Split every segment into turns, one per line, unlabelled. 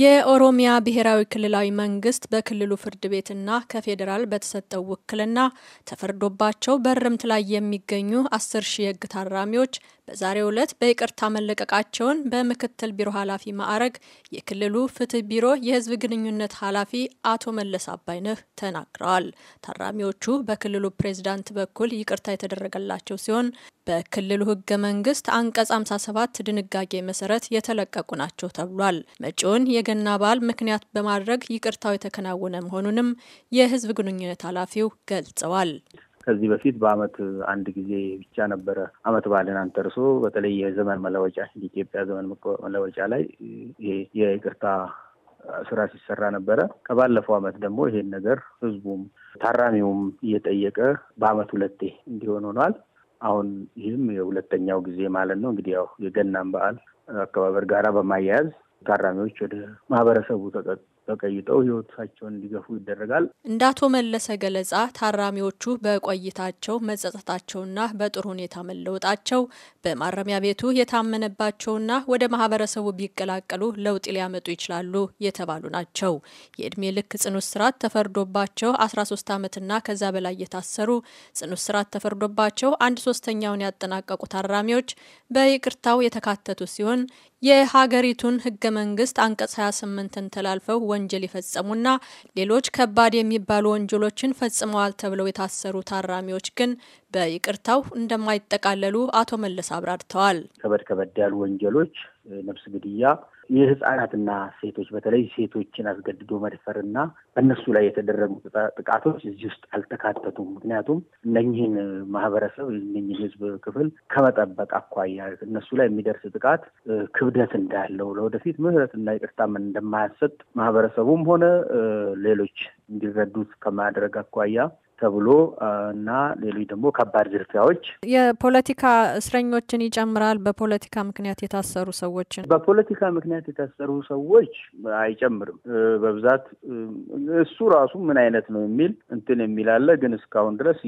የኦሮሚያ ብሔራዊ ክልላዊ መንግስት በክልሉ ፍርድ ቤትና ከፌዴራል በተሰጠው ውክልና ተፈርዶባቸው በርምት ላይ የሚገኙ አስር ሺህ የህግ ታራሚዎች በዛሬው ዕለት በይቅርታ መለቀቃቸውን በምክትል ቢሮ ኃላፊ ማዕረግ የክልሉ ፍትህ ቢሮ የህዝብ ግንኙነት ኃላፊ አቶ መለስ አባይነህ ተናግረዋል። ታራሚዎቹ በክልሉ ፕሬዝዳንት በኩል ይቅርታ የተደረገላቸው ሲሆን በክልሉ ህገ መንግስት አንቀጽ 57 ድንጋጌ መሰረት የተለቀቁ ናቸው ተብሏል። መጪውን የገና በዓል ምክንያት በማድረግ ይቅርታው የተከናወነ መሆኑንም የህዝብ ግንኙነት ኃላፊው ገልጸዋል።
ከዚህ በፊት በአመት አንድ ጊዜ ብቻ ነበረ አመት በዓልን አንተርሶ በተለይ የዘመን መለወጫ የኢትዮጵያ ዘመን መለወጫ ላይ የይቅርታ ስራ ሲሰራ ነበረ። ከባለፈው አመት ደግሞ ይሄን ነገር ህዝቡም ታራሚውም እየጠየቀ በአመት ሁለቴ እንዲሆን ሆኗል። አሁን ይህም የሁለተኛው ጊዜ ማለት ነው እንግዲህ ያው የገናን በዓል አከባበር ጋራ በማያያዝ ታራሚዎች ወደ ማህበረሰቡ ተቀይጠው ህይወታቸውን እንዲገፉ ይደረጋል።
እንደ አቶ መለሰ ገለጻ ታራሚዎቹ በቆይታቸው መጸጸታቸውና በጥሩ ሁኔታ መለወጣቸው በማረሚያ ቤቱ የታመነባቸውና ወደ ማህበረሰቡ ቢቀላቀሉ ለውጥ ሊያመጡ ይችላሉ የተባሉ ናቸው። የእድሜ ልክ ጽኑ እስራት ተፈርዶባቸው 13 ዓመትና ከዛ በላይ የታሰሩ ጽኑ እስራት ተፈርዶባቸው አንድ ሶስተኛውን ያጠናቀቁ ታራሚዎች በይቅርታው የተካተቱ ሲሆን የሀገሪቱን ህገ መንግስት አንቀጽ 28ን ተላልፈው ወንጀል የፈጸሙና ሌሎች ከባድ የሚባሉ ወንጀሎችን ፈጽመዋል ተብለው የታሰሩ ታራሚዎች ግን በይቅርታው እንደማይጠቃለሉ አቶ መለስ አብራርተዋል።
ከበድ ከበድ ያሉ ወንጀሎች ነፍስ ግድያ፣ የህጻናትና ሴቶች በተለይ ሴቶችን አስገድዶ መድፈርና በእነሱ ላይ የተደረጉ ጥቃቶች እዚህ ውስጥ አልተካተቱም። ምክንያቱም እነኝህን ማህበረሰብ እነኝህን ህዝብ ክፍል ከመጠበቅ አኳያ እነሱ ላይ የሚደርስ ጥቃት ክብደት እንዳለው ለወደፊት ምህረትና ይቅርታም እንደማያሰጥ ማህበረሰቡም ሆነ ሌሎች እንዲረዱት ከማድረግ አኳያ ተብሎ እና ሌሎች ደግሞ ከባድ ዝርፊያዎች
የፖለቲካ እስረኞችን ይጨምራል። በፖለቲካ ምክንያት የታሰሩ ሰዎችን
በፖለቲካ ምክንያት የታሰሩ ሰዎች አይጨምርም። በብዛት እሱ ራሱ ምን አይነት ነው የሚል እንትን የሚላለ ግን እስካሁን ድረስ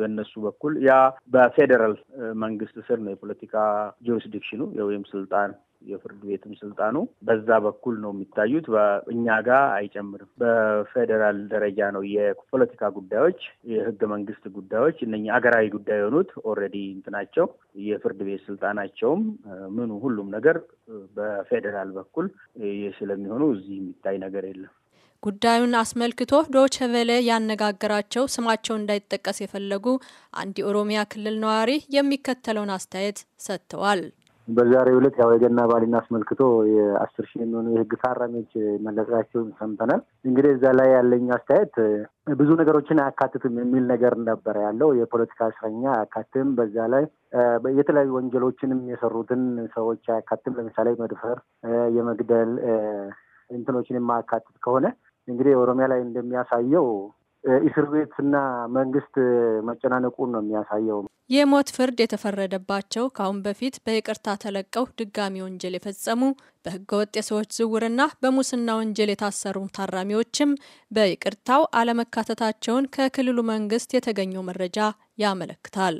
በእነሱ በኩል ያ በፌዴራል መንግስት ስር ነው የፖለቲካ ጁሪስዲክሽኑ ወይም ስልጣን የፍርድ ቤትም ስልጣኑ በዛ በኩል ነው የሚታዩት። እኛ ጋር አይጨምርም። በፌዴራል ደረጃ ነው የፖለቲካ ጉዳዮች፣ የህገ መንግስት ጉዳዮች እነ አገራዊ ጉዳይ የሆኑት ኦልሬዲ እንትናቸው የፍርድ ቤት ስልጣናቸውም ምኑ ሁሉም ነገር በፌዴራል በኩል ስለሚሆኑ እዚህ የሚታይ ነገር የለም።
ጉዳዩን አስመልክቶ ዶቸቨለ ያነጋገራቸው ስማቸው እንዳይጠቀስ የፈለጉ አንድ የኦሮሚያ ክልል ነዋሪ የሚከተለውን አስተያየት ሰጥተዋል።
በዛሬው ዕለት ያው የገና በዓልን አስመልክቶ የአስር ሺህ የሚሆኑ የህግ ታራሚዎች መለቀቃቸውን ሰምተናል። እንግዲህ እዛ ላይ ያለኝ አስተያየት ብዙ ነገሮችን አያካትትም የሚል ነገር ነበር ያለው። የፖለቲካ እስረኛ አያካትም። በዛ ላይ የተለያዩ ወንጀሎችንም የሰሩትን ሰዎች አያካትም። ለምሳሌ መድፈር፣ የመግደል እንትኖችን የማያካትት ከሆነ እንግዲህ ኦሮሚያ ላይ እንደሚያሳየው እስር ቤትና መንግስት መጨናነቁን ነው የሚያሳየው።
የሞት ፍርድ የተፈረደባቸው ከአሁን በፊት በይቅርታ ተለቀው ድጋሚ ወንጀል የፈጸሙ በህገወጥ የሰዎች ዝውውርና በሙስና ወንጀል የታሰሩ ታራሚዎችም በይቅርታው አለመካተታቸውን ከክልሉ መንግስት የተገኘው መረጃ ያመለክታል።